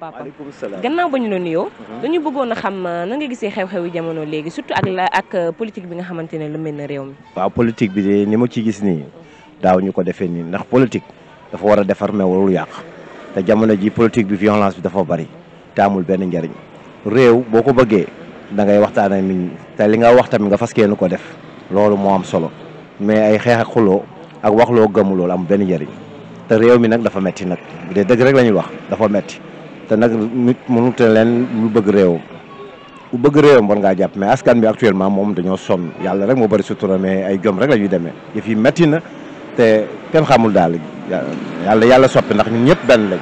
papa maaleykum salaam gannaaw ba ñu la nuyoo. Mhm. dañu bëggoon a xam euh, nan nga gisee xew-xewi xew jamono léegi surtout ak la ak euh, politique bi nga xamante ne lu mel ne réew mi. waaw politique bi de ni ma ci gis nii daaw ñu ko defee nii ndax politique dafa war a defar mais lu yàq te jamono ji politique bi violence bi dafa bari te amul benn njariñ réew boo ko bëggee da ngay waxtaan ak nit te li nga wax tamit nga fas yéene ko def loolu moo am solo mais ay xeex ak xuloo ak wax loo gëmu am benn njariñ te réew mi nag dafa metti nag bu dëgg rek la ñuy wax dafa metti te nag mu nit mënute leen lu bëgg réew ku bëgg réewam war ngaa jàpp mais askan bi actuellement moom dañoo sonn yàlla rek moo bëri sutura mais ay jom rek la ñuy demee yëf yi metti na te kenn xamul daal yàlla yàlla soppi ndax ñun ñëpp benn lañ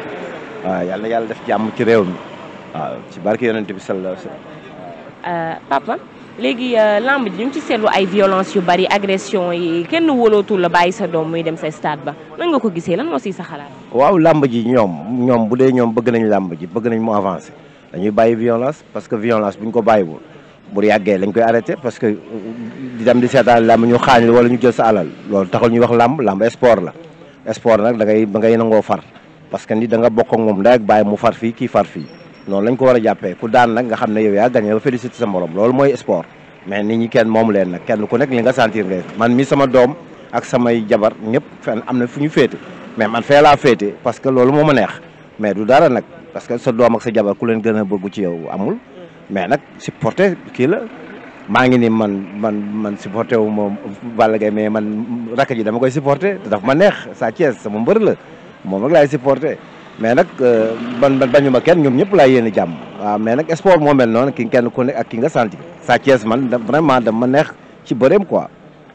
waaw yàlla yàlla def jàmm ci réew mi waaw ci barke yonent bi sallallahu alayhi wa euh, papa léegi euh, lamb ji ñu ngi ci seetlu ay violence yu bari agression yi kenn wóolootul la bàyyi sa doom muy dem sa stade ba nan nga ko gisee lan moo siy sa xalaat. waaw lamb ji ñoom ñoom bu dee ñoom bëgg nañu làmb ji bëgg nañ mu avancé dañuy bàyyi violence parce que violence bu ñu ko bàyyi bu yàggee lañ koy arrêté parce que euh, di dem di seetaan lamb ñu xaañ la wala ñu jël sa alal loolu taxul ñuy wax lamb lamb sport la sport nag da ngay da ngay nangoo far parce que nit da nga bokk moom ndey ak bàyyi mu far fii kii far fii. noonu lañ ko war a jàppe ku daan nag nga xam ne yow yaa gagné ba félicité sa morom loolu mooy sport mais nit ñi kenn moom leen nag kenn ku nekk li nga sentir leen man mi sama doom ak samay jabar ñëpp fenn am na fu ñu féete mais man fee laa féete parce que loolu moo ma neex mais du dara nag parce que sa doom ak sa jabar ku leen gën a bëgg ci yow amul mais nag supporter kii la maa ngi ni man man man supporté wu moom Balla Gaye mais man rakk ji dama koy supporté te ma neex Sa Thiès sama mbër la moom rek laay supporté mais nag man euh, man bañu ma kenn ñoom ñëpp laa yéene jàmm waaw mais nag sport moom mel noonu ki kenn ku ne ak ki nga santi Sa Thiès man vraiment dama neex ci bëreem quoi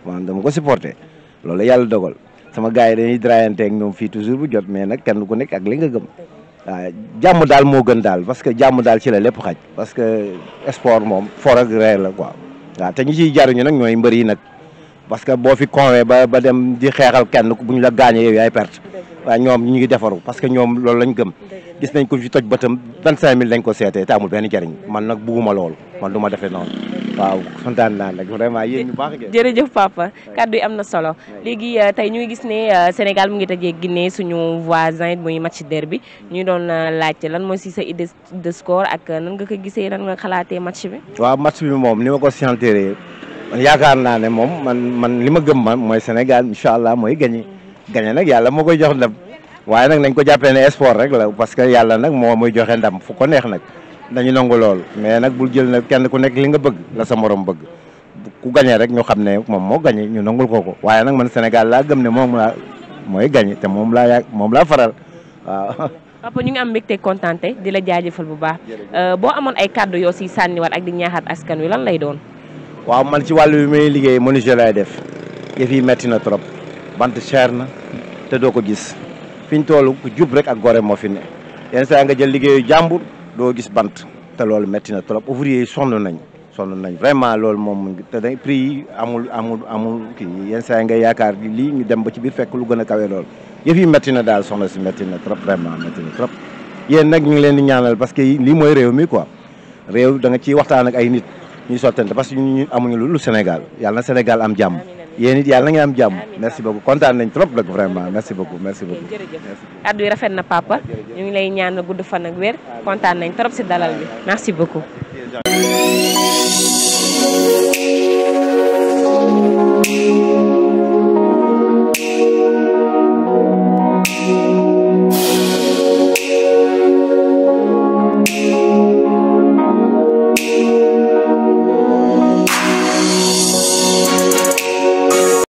man dama ko supporté loolu yàlla dogal sama gars yi dañuy draayante ak ñoom fii toujours bu jot mais nag kenn ku nekk ak li nga gëm waaw jàmm daal moo gën daal parce que jàmm daal ci la lépp xaj parce que sport moom for ak reer la quoi waaw te ñi ciy jaruñu nag ñooy mbër yi nag parce que boo fi conwee ba ba dem di xeexal kenn bu ñu la gaañee yow yaay perte waaye ñoom ñu ngi defaru parce que ñoom loolu lañu gëm gis nañ ko fi toj bëtam vingt cinq mille lañ ko seetee te amul benn jëriñ man nag bugguma loolu man du ma defee noonu waaw kontaan naa nag vraiment yéen ñu baax ngeen jërëjëf papa kaddu yi am na solo léegi euh, tey ñu gis ne euh, Sénégal mu ngi tëjee Guinée suñu voisin muy match derby bi ñu doon euh, laajte lan mooy si sa idée de score ak nan nga ko gisee nan nga xalaatee match bi waaw match bi moom ni ma ko sentiree man yaakaar naa ne moom man man li ma gëm man mooy Sénégal incha allah mooy gagné gagné nag yàlla moo koy jox ndam waaye nag nañ ko jàppee ne sport rek la parce que yàlla nag moo mooy joxe ndam fu ko neex nag dañu nangu lool mais nag bul jël nag kenn ku nekk li nga bëgg la sa morom bëgg ku gañe rek ñu xam ne moom moo gagné ñu nangul ko ko waaye nag man Sénégal laa gëm ne moom laa mooy gagné te moom laa moom laa faral waaw. papa ñu ngi am te kontaan di la jaajëfal bu baax. Euh, boo amoon ay kàddu yoo si sànniwaat ak di ñaaxaat askan wi lan lay doon. waaw man ci wàll bi may liggéey menuisier lay def yëf yi metti na trop bant chair na te doo ko gis fi ñu toll ku jub rek ak gore moo fi ne yenn saa nga jël liggéeyu jàmbur doo gis bant te loolu metti na trop ouvrier yi sonn nañ sonn nañ vraiment lool moom te day pris yi amul amul amul kii yenn saa nga yaakaar lii ñu dem ba ci biir fekk lu gën a kawe lool yëf yi metti na daal soxna si metti na trop vraiment metti na trop yéen nag ñu ngi leen di ñaanal parce que lii mooy réew mi quoi réew da nga ciy waxtaan ak ay nit ñuy sottante parce que ñun amuñu lu Sénégal yàlla na Sénégal am jàmm yéen it yàlla na ngeen am jàmm merci beaucoup kontaan nañ trop nag vraiment merci beaucoup merci beaucoup. jërëjëf addu yi rafet na papa ñu ngi lay ñaan gudd fan ak wér kontaan nañ trop si dalal bi merci beaucoup.